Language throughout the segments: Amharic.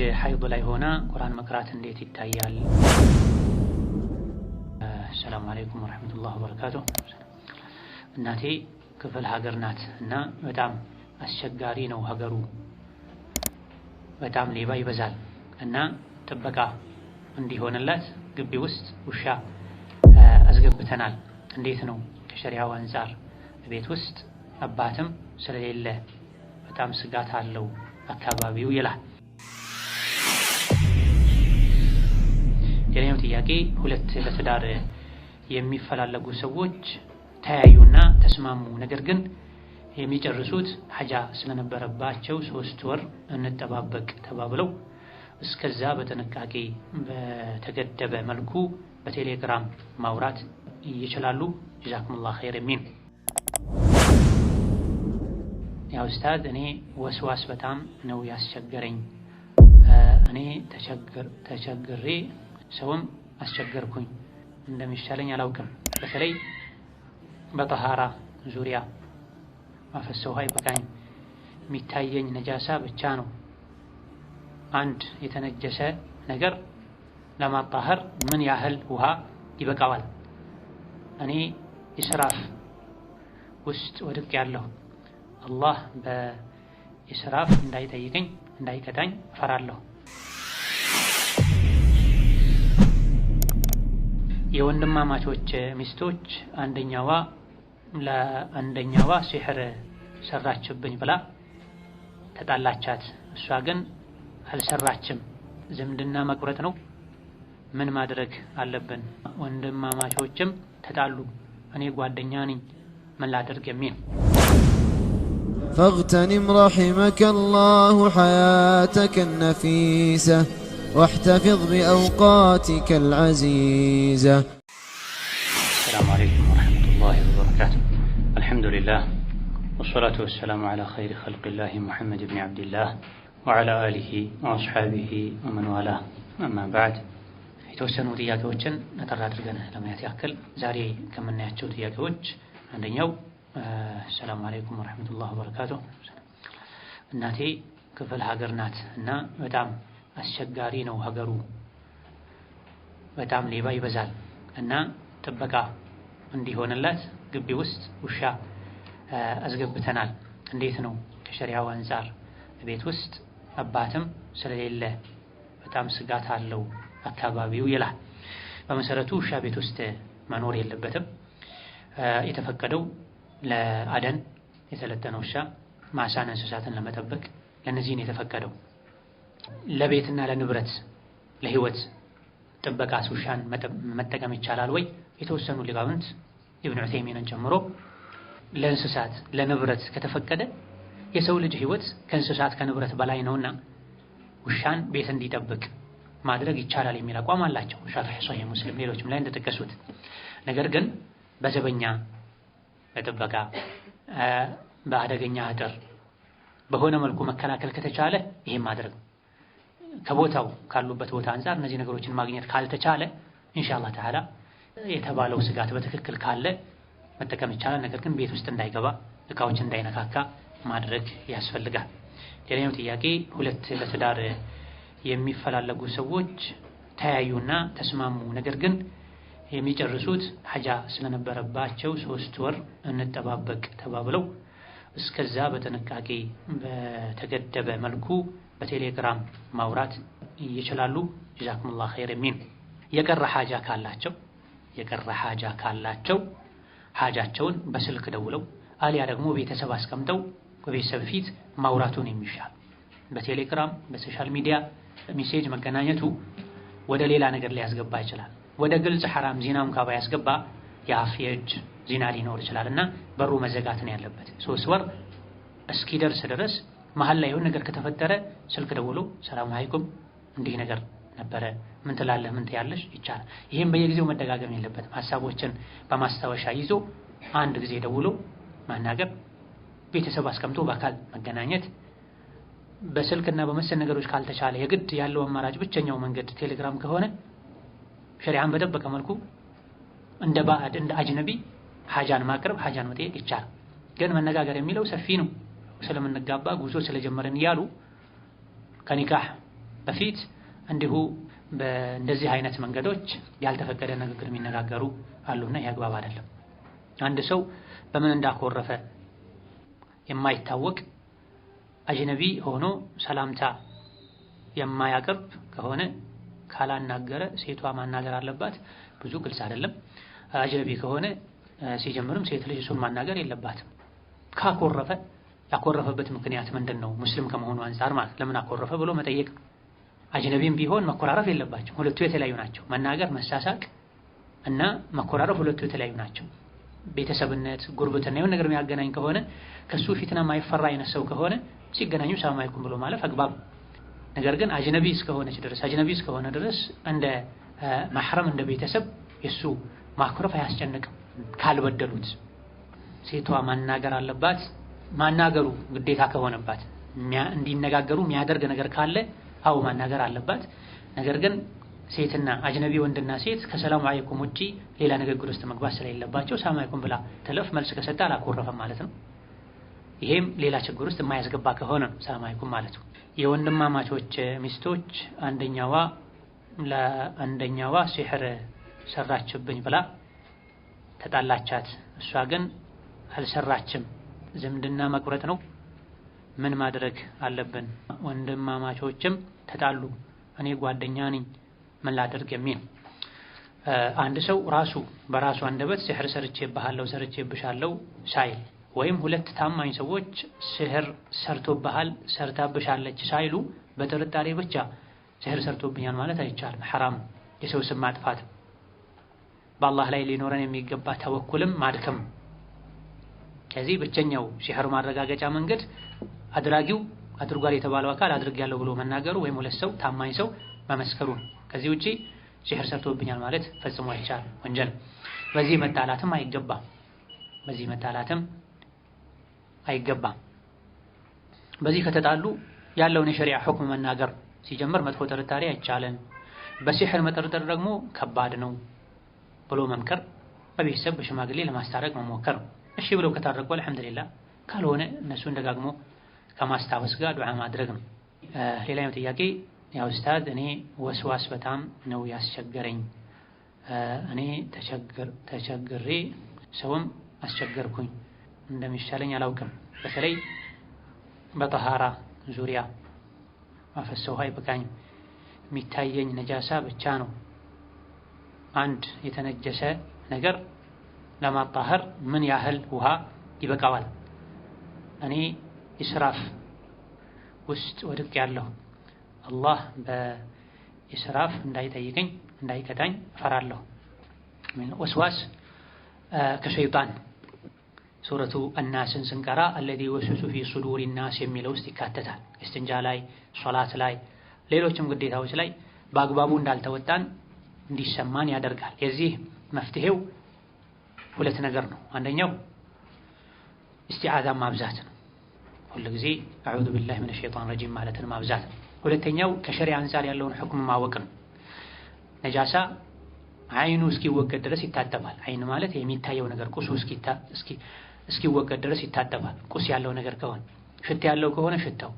ልጅ ሐይድ ላይ ሆና ቁርአን መቅራት እንዴት ይታያል? አሰላሙ አለይኩም ወረሕመቱላህ ወበረካቱ። እናቴ ክፍል ሀገር ናት እና በጣም አስቸጋሪ ነው ሀገሩ። በጣም ሌባ ይበዛል እና ጥበቃ እንዲሆንላት ግቢ ውስጥ ውሻ አስገብተናል። እንዴት ነው ከሸሪያው አንጻር? ቤት ውስጥ አባትም ስለሌለ በጣም ስጋት አለው አካባቢው ይላል ሌላኛው ጥያቄ ሁለት በትዳር የሚፈላለጉ ሰዎች ተያዩና ተስማሙ። ነገር ግን የሚጨርሱት ሀጃ ስለነበረባቸው ሶስት ወር እንጠባበቅ ተባብለው እስከዛ በጥንቃቄ በተገደበ መልኩ በቴሌግራም ማውራት ይችላሉ? ጀዛኩሙላህ ኸይር የሚል ያው ኡስታዝ፣ እኔ ወስዋስ በጣም ነው ያስቸገረኝ። እኔ ተቸግሬ ሰውም አስቸገርኩኝ እንደሚሻለኝ አላውቅም። በተለይ በጠሃራ ዙሪያ ማፈሰው ውሃ ይበቃኝ። የሚታየኝ ነጃሳ ብቻ ነው። አንድ የተነጀሰ ነገር ለማጣህር ምን ያህል ውሃ ይበቃዋል? እኔ ኢስራፍ ውስጥ ወድቅ ያለሁ አላህ በኢስራፍ እንዳይጠይቀኝ እንዳይቀጣኝ እፈራለሁ። የወንድማማቾች ሚስቶች አንደኛዋ ለአንደኛዋ ሲሕር ሰራችብኝ ብላ ተጣላቻት። እሷ ግን አልሰራችም። ዝምድና መቁረጥ ነው። ምን ማድረግ አለብን? ወንድማማቾችም ተጣሉ፣ እኔ ጓደኛ ነኝ፣ ምን ላድርግ? የሚል ፈግተኒም ረሒመከ ላሁ ሐያተከ ነፊሰ واحتفظ بأوقاتك العزيزة السلام عليكم ورحمة الله وبركاته الحمد لله والصلاة والسلام على خير خلق الله محمد بن عبد الله وعلى آله وأصحابه ومن والاه أما بعد የተወሰኑ ጥያቄዎችን ነጠር አድርገን ለማየት ያክል ዛሬ ከምናያቸው ጥያቄዎች አንደኛው ሰላም አለይኩም ወረሕመቱላህ ወበረካቱ እናቴ ክፍል ሀገር ናት እና በጣም አስቸጋሪ ነው ሀገሩ። በጣም ሌባ ይበዛል እና ጥበቃ እንዲሆንላት ግቢ ውስጥ ውሻ አስገብተናል። እንዴት ነው ከሸሪያው አንጻር? ቤት ውስጥ አባትም ስለሌለ በጣም ስጋት አለው አካባቢው ይላል። በመሰረቱ ውሻ ቤት ውስጥ መኖር የለበትም። የተፈቀደው ለአደን የተለጠነ ውሻ ማሳን እንስሳትን ለመጠበቅ ለእነዚህን የተፈቀደው ለቤትና ለንብረት ለህይወት ጥበቃስ ሱሻን መጠቀም ይቻላል ወይ? የተወሰኑ ሊቃውንት ኢብን ዑሰይሚንን ጨምሮ ለእንስሳት ለንብረት ከተፈቀደ የሰው ልጅ ህይወት ከእንስሳት ከንብረት በላይ ነውና ውሻን ቤት እንዲጠብቅ ማድረግ ይቻላል የሚል አቋም አላቸው። ሻፊዒ፣ ሶሒህ ሙስሊም፣ ሌሎችም ላይ እንደጠቀሱት ነገር ግን በዘበኛ በጥበቃ በአደገኛ አጥር በሆነ መልኩ መከላከል ከተቻለ ይህም ማድረግ ከቦታው ካሉበት ቦታ አንጻር እነዚህ ነገሮችን ማግኘት ካልተቻለ ኢንሻአላህ ተዓላ የተባለው ስጋት በትክክል ካለ መጠቀም ይቻላል። ነገር ግን ቤት ውስጥ እንዳይገባ እቃዎች እንዳይነካካ ማድረግ ያስፈልጋል። ሌላኛው ጥያቄ ሁለት ለትዳር የሚፈላለጉ ሰዎች ተያዩና ተስማሙ። ነገር ግን የሚጨርሱት ሐጃ ስለነበረባቸው ሶስት ወር እንጠባበቅ ተባብለው እስከዛ በጥንቃቄ በተገደበ መልኩ በቴሌግራም ማውራት ይችላሉ። ጀዛኩሙላህ ኸይር ሚን የቀረ ሐጃ ካላቸው የቀረ ሐጃ ካላቸው ሐጃቸውን በስልክ ደውለው አሊያ ደግሞ ቤተሰብ አስቀምጠው በቤተሰብ ፊት ማውራቱን የሚሻል በቴሌግራም በሶሻል ሚዲያ ሚሴጅ መገናኘቱ ወደ ሌላ ነገር ሊያስገባ ይችላል። ወደ ግልጽ ሐራም ዚናም ካባ ያስገባ የአፍ የእጅ ዚና ሊኖር ይችላል እና በሩ መዘጋት ነው ያለበት ሶስት ወር እስኪደርስ ድረስ መሀል ላይ የሆነ ነገር ከተፈጠረ ስልክ ደውሎ ሰላም አለይኩም እንዲህ ነገር ነበረ ምን ትላለህ ምን ትያለሽ ይቻላል። ይህም በየጊዜው መደጋገም የለበትም። ሀሳቦችን በማስታወሻ ይዞ አንድ ጊዜ ደውሎ ማናገር፣ ቤተሰብ አስቀምጦ በአካል መገናኘት። በስልክና በመሰል ነገሮች ካልተቻለ የግድ ያለው አማራጭ ብቸኛው መንገድ ቴሌግራም ከሆነ ሸሪዓን በጠበቀ መልኩ እንደ ባዕድ እንደ አጅነቢ ሀጃን ማቅረብ ሀጃን መጠየቅ ይቻላል። ግን መነጋገር የሚለው ሰፊ ነው። ስለምንጋባ ጉዞ ስለጀመረን እያሉ ከኒካህ በፊት እንዲሁ በእንደዚህ አይነት መንገዶች ያልተፈቀደ ንግግር የሚነጋገሩ አሉና ይህ አግባብ አይደለም። አንድ ሰው በምን እንዳኮረፈ የማይታወቅ አጅነቢ ሆኖ ሰላምታ የማያቀርብ ከሆነ ካላናገረ ሴቷ ማናገር አለባት። ብዙ ግልጽ አይደለም። አጅነቢ ከሆነ ሲጀምርም ሴት ልጅ እሱን ማናገር የለባትም። ካኮረፈ ያኮረፈበት ምክንያት ምንድን ነው? ሙስሊም ከመሆኑ አንፃር ማለት ለምን አኮረፈ ብሎ መጠየቅ። አጅነቢም ቢሆን መኮራረፍ የለባቸው። ሁለቱ የተለያዩ ናቸው። መናገር፣ መሳሳቅ እና መኮራረፍ ሁለቱ የተለያዩ ናቸው። ቤተሰብነት፣ ጉርብትና የሆነ ነገር የሚያገናኝ ከሆነ ከሱ ፊትና የማይፈራ አይነት ሰው ከሆነ ሲገናኙ ሰላም አለይኩም ብሎ ማለፍ አግባብ። ነገር ግን አጅነቢ እስከሆነች ድረስ አጅነቢ እስከሆነ ድረስ እንደ ማህረም እንደ ቤተሰብ የሱ ማኩረፍ አያስጨንቅም ካልበደሉት። ሴቷ ማናገር አለባት ማናገሩ ግዴታ ከሆነባት እንዲነጋገሩ የሚያደርግ ነገር ካለ አው ማናገር አለባት። ነገር ግን ሴትና አጅነቢ ወንድና ሴት ከሰላሙ አለይኩም ውጪ ሌላ ንግግር ውስጥ መግባት ስለሌለባቸው ሰላም አለይኩም ብላ ትለፍ፣ መልስ ከሰጠ አላኮረፈም ማለት ነው። ይሄም ሌላ ችግር ውስጥ የማያስገባ ከሆነ ሰላም አለይኩም ማለት ነው። የወንድማማቾች ሚስቶች አንደኛዋ ለአንደኛዋ ሲሕር ሰራችብኝ ብላ ተጣላቻት፣ እሷ ግን አልሰራችም ዝምድና መቁረጥ ነው። ምን ማድረግ አለብን? ወንድማማቾችም ተጣሉ፣ እኔ ጓደኛ ነኝ፣ ምን ላደርግ የሚል አንድ ሰው ራሱ በራሱ አንደበት ሲህር ሰርቼብሃለሁ፣ ሰርቼብሻለሁ ሳይል ወይም ሁለት ታማኝ ሰዎች ሲህር ሰርቶብሃል፣ ሰርታብሻለች ሳይሉ በጥርጣሬ ብቻ ሲህር ሰርቶብኛል ማለት አይቻልም። ሐራም የሰው ስም ማጥፋት በአላህ ላይ ሊኖረን የሚገባ ተወኩልም ማድከም ከዚህ ብቸኛው ሲህር ማረጋገጫ መንገድ አድራጊው አድርጓል የተባለው አካል ያለው ብሎ መናገሩ ወይም ሁለት ሰው ታማኝ ሰው መመስከሩ ነው። ከዚህ ውጪ ሲህር ሰርቶብኛል ማለት ፈጽሞ አይቻል ወንጀል። በዚህ መጣላትም አይገባም። በዚህ መጣላትም አይገባም። በዚህ ከተጣሉ ያለውን የሸሪያ ሁክም መናገር ሲጀምር መጥፎ ጥርጣሬ አይቻለን፣ በሲህር መጠርጠር ደግሞ ከባድ ነው ብሎ መምከር፣ በቤተሰብ በሽማግሌ ለማስታረቅ መሞከር ነው። እሺ ብለው ከታረቁ አልሐምዱሊላህ፣ ካልሆነ እነሱን ደጋግሞ ከማስታወስ ጋር ዱዓ ማድረግ ነው። ሌላኛው ጥያቄ ያው ኡስታዝ፣ እኔ ወስዋስ በጣም ነው ያስቸገረኝ። እኔ ተቸግሬ ሰውም አስቸገርኩኝ እንደሚሻለኝ አላውቅም። በተለይ በጠሃራ ዙሪያ ማፈሰው ውሃ አይበቃኝም። የሚታየኝ ነጃሳ ብቻ ነው። አንድ የተነጀሰ ነገር ለማጣህር ምን ያህል ውሃ ይበቃዋል? እኔ ኢስራፍ ውስጥ ወድቅ ያለሁ አላህ በኢስራፍ እንዳይጠይቀኝ እንዳይቀጣኝ እፈራለሁ። ወስዋስ ከሸይጣን ሱረቱ አናስን ስንቀራ አለዚ ወስውሱ ፊ ሱዱሪ ናስ የሚለው ውስጥ ይካተታል። እስትንጃ ላይ፣ ሶላት ላይ፣ ሌሎችም ግዴታዎች ላይ በአግባቡ እንዳልተወጣን እንዲሰማን ያደርጋል። የዚህ መፍትሄው ሁለት ነገር ነው። አንደኛው እስቲዓዛን ማብዛት ነው። ሁልጊዜ አዑዙ ቢላሂ ሚነ ሸይጣን ረጂም ማለትን ማብዛት ነው። ሁለተኛው ከሸሪዓ አንጻር ያለውን ሕክም ማወቅ ነው። ነጃሳ አይኑ እስኪወገድ ድረስ ይታጠባል። አይን ማለት የሚታየው ነገር ቁሱ እስኪወገድ ድረስ ይታጠባል። ቁስ ያለው ነገር ከሆነ ሽት ያለው ከሆነ ሽታው፣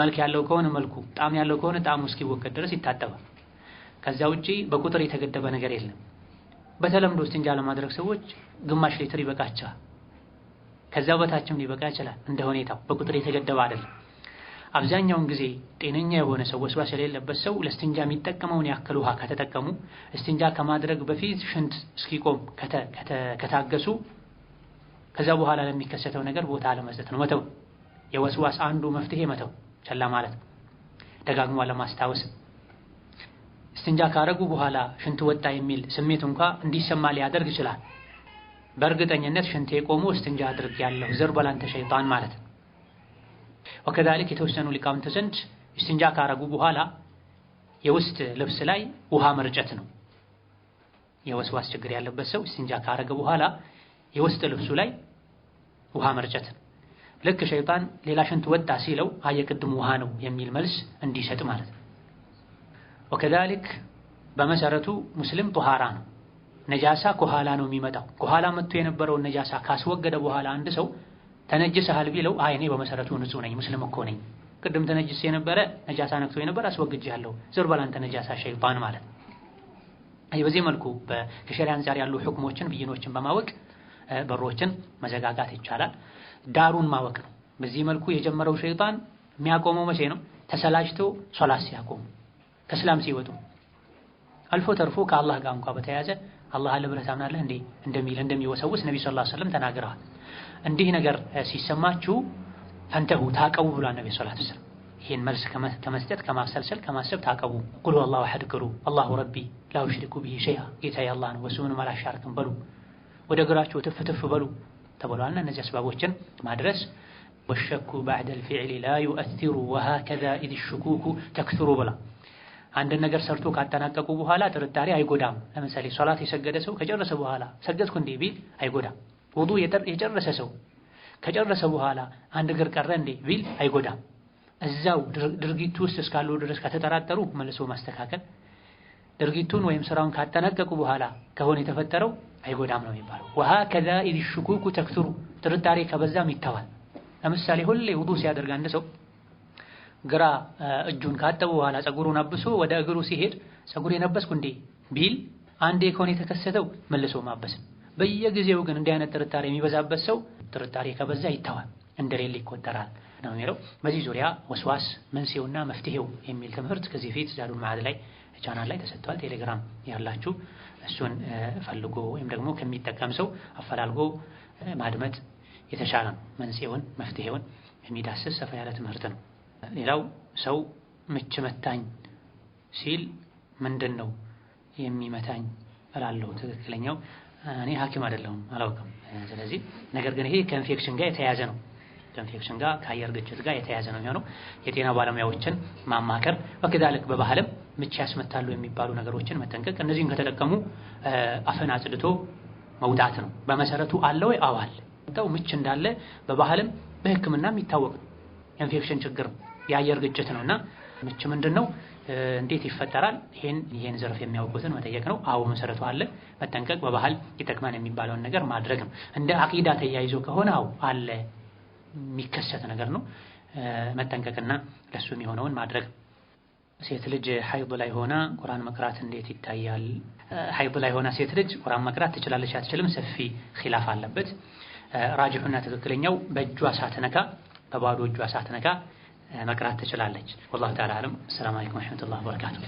መልክ ያለው ከሆነ መልኩ፣ ጣዕም ያለው ከሆነ ጣሙ እስኪወገድ ድረስ ይታጠባል። ከዛ ውጪ በቁጥር የተገደበ ነገር የለም። በተለምዶ እስትንጃ ለማድረግ ሰዎች ግማሽ ሊትር ይበቃቸዋል። ከዛ በታችም ሊበቃ ይችላል፣ እንደ ሁኔታው በቁጥር የተገደበ አይደለም። አብዛኛውን ጊዜ ጤነኛ የሆነ ሰው ወስዋስ የሌለበት ሰው ለስትንጃ የሚጠቀመውን ያክል ውሃ ከተጠቀሙ እስቲንጃ ከማድረግ በፊት ሽንት እስኪቆም ከታገሱ ከዛ በኋላ ለሚከሰተው ነገር ቦታ አለመስጠት ነው። መተው የወስዋስ አንዱ መፍትሄ መተው፣ ቸላ ማለት ነው። ደጋግሞ ለማስታወስ እስትንጃ ካረጉ በኋላ ሽንት ወጣ የሚል ስሜት እንኳ እንዲሰማ ሊያደርግ ይችላል። በእርግጠኝነት ሽንቴ ቆሞ እስትንጃ አድርግ ያለው በላንተ ሸይጣን ማለት ነው። ወከዛሊክ የተወሰኑ ሊቃውንት ዘንድ እስትንጃ ካረጉ በኋላ የውስጥ ልብስ ላይ ውሃ መርጨት ነው። የወስዋስ ችግር ያለበት ሰው እስትንጃ ካረገ በኋላ የውስጥ ልብሱ ላይ ውሃ መርጨት ነው። ልክ ሸይጣን ሌላ ሽንት ወጣ ሲለው አየቅድም ውሃ ነው የሚል መልስ እንዲሰጥ ማለት ነው። ወከዛሊክ በመሰረቱ ሙስሊም ጦሃራ ነው። ነጃሳ ከኋላ ነው የሚመጣው። ከኋላ መጥቶ የነበረውን ነጃሳ ካስወገደ በኋላ አንድ ሰው ተነጅሰሃል ቢለው አይ እኔ በመሰረቱ ንጹህ ነኝ ሙስሊም እኮ ነኝ፣ ቅድም ተነጅስ የነበረ ነጃሳ ነክቶ የነበረ አስወግጄያለሁ፣ ዞር በል አንተ ነጃሳ ሸይጣን ማለት ነው። በዚህ መልኩ ከሸሪያ አንጻር ያሉ ሕክሞችን ብይኖችን በማወቅ በሮችን መዘጋጋት ይቻላል። ዳሩን ማወቅ ነው። በዚህ መልኩ የጀመረው ሸይጣን የሚያቆመው መቼ ነው? ተሰላጅቶ ሶላት ሲያቆሙ ከእስላም ሲወጡ አልፎ ተርፎ ከአላህ ጋር እንኳ በተያያዘ አላህ አለ ብለህ ታምናለህ እንዴ እንደሚል እንደሚወሰውስ ነቢ ሰለላሁ ዐለይሂ ወሰለም ተናግረዋል። እንዲህ ነገር ሲሰማችሁ ፈንተሁ ታቀቡ ብሏል ነቢ ሰለላሁ ዐለይሂ ወሰለም። ይህን መልስ ከመስጠት ከማሰልሰል ከማሰብ ታቀቡ። ቁል አላሁ አሐድ ግሩ አላሁ ረቢ ላ ኡሽሪኩ ቢሂ ሸይአ ጌታዬ አላህ ነው በሱ ምንም አላሻርክም በሉ። ወደ እግራችሁ ትፍ ትፍ በሉ ተብሏልና እነዚህ አስባቦችን ማድረስ ወሸኩ ባዕደል ፊዕሊ ላ ዩአሲሩ ወሃከዛ ኢዝ ሹኩኩ ተክስሩ ብላ አንድን ነገር ሰርቶ ካጠናቀቁ በኋላ ጥርጣሬ አይጎዳም። ለምሳሌ ሶላት የሰገደ ሰው ከጨረሰ በኋላ ሰገድኩ እንዴ ቢል አይጎዳም። ውዱ የጨረሰ ሰው ከጨረሰ በኋላ አንድ እግር ቀረ እንዴ ቢል አይጎዳም። እዛው ድርጊቱ ውስጥ እስካሉ ድረስ ከተጠራጠሩ መልሶ ማስተካከል፣ ድርጊቱን ወይም ስራውን ካጠናቀቁ በኋላ ከሆነ የተፈጠረው አይጎዳም ነው የሚባለው። ወሀከዛ ኢዝ ሹኩኩ ተክቱሩ ጥርጣሬ ከበዛም ይተዋል። ለምሳሌ ሁሌ ውዱ ሲያደርግ አንድ ሰው ግራ እጁን ካጠቡ በኋላ ፀጉሩን አብሶ ወደ እግሩ ሲሄድ ፀጉር የነበስኩ እንዴ ቢል አንዴ ከሆነ የተከሰተው መልሶ ማበስ። በየጊዜው ግን እንዲህ አይነት ጥርጣሬ የሚበዛበት ሰው ጥርጣሬ ከበዛ ይተዋል፣ እንደሌለ ይቆጠራል ነው የሚለው። በዚህ ዙሪያ ወስዋስ መንስኤውና መፍትሄው የሚል ትምህርት ከዚህ ፊት ዛዱል መዓድ ላይ ቻናል ላይ ተሰጥቷል። ቴሌግራም ያላችሁ እሱን ፈልጎ ወይም ደግሞ ከሚጠቀም ሰው አፈላልጎ ማድመጥ የተሻለ ነው። መንስኤውን መፍትሄውን የሚዳስስ ሰፋ ያለ ትምህርት ነው። ሌላው ሰው ምች መታኝ ሲል ምንድን ነው የሚመታኝ እላለሁ። ትክክለኛው እኔ ሐኪም አይደለሁም አላውቅም። ስለዚህ ነገር ግን ይሄ ከኢንፌክሽን ጋር የተያያዘ ነው። ከኢንፌክሽን ጋር ከአየር ግጭት ጋር የተያያዘ ነው የሚሆነው። የጤና ባለሙያዎችን ማማከር ወከዛልክ በባህልም ምች ያስመታሉ የሚባሉ ነገሮችን መጠንቀቅ፣ እነዚህን ከተጠቀሙ አፈን አጽድቶ መውጣት ነው። በመሰረቱ አለ ወይ? አዋል ምች እንዳለ በባህልም በሕክምናም ይታወቅ ኢንፌክሽን ችግር ነው። የአየር ግጭት ነው እና ምች ምንድን ነው? እንዴት ይፈጠራል? ይህን ይህን ዘርፍ የሚያውቁትን መጠየቅ ነው። አዎ መሰረቱ አለ። መጠንቀቅ በባህል ይጠቅማን የሚባለውን ነገር ማድረግ ነው። እንደ አቂዳ ተያይዞ ከሆነ አዎ አለ፣ የሚከሰት ነገር ነው። መጠንቀቅና ለሱ የሚሆነውን ማድረግ ሴት ልጅ ሀይድ ላይ ሆና ቁርአን መቅራት እንዴት ይታያል? ሀይድ ላይ ሆና ሴት ልጅ ቁርአን መቅራት ትችላለች አትችልም? ሰፊ ኺላፍ አለበት። ራጅሑና ትክክለኛው በእጇ ሳትነካ በባዶ እጇ ሳትነካ መቅራት ትችላለች። ወላሁ ተዓላ አለም። አሰላሙ አለይኩም ወረሕመቱላሂ ወበረካቱሁ።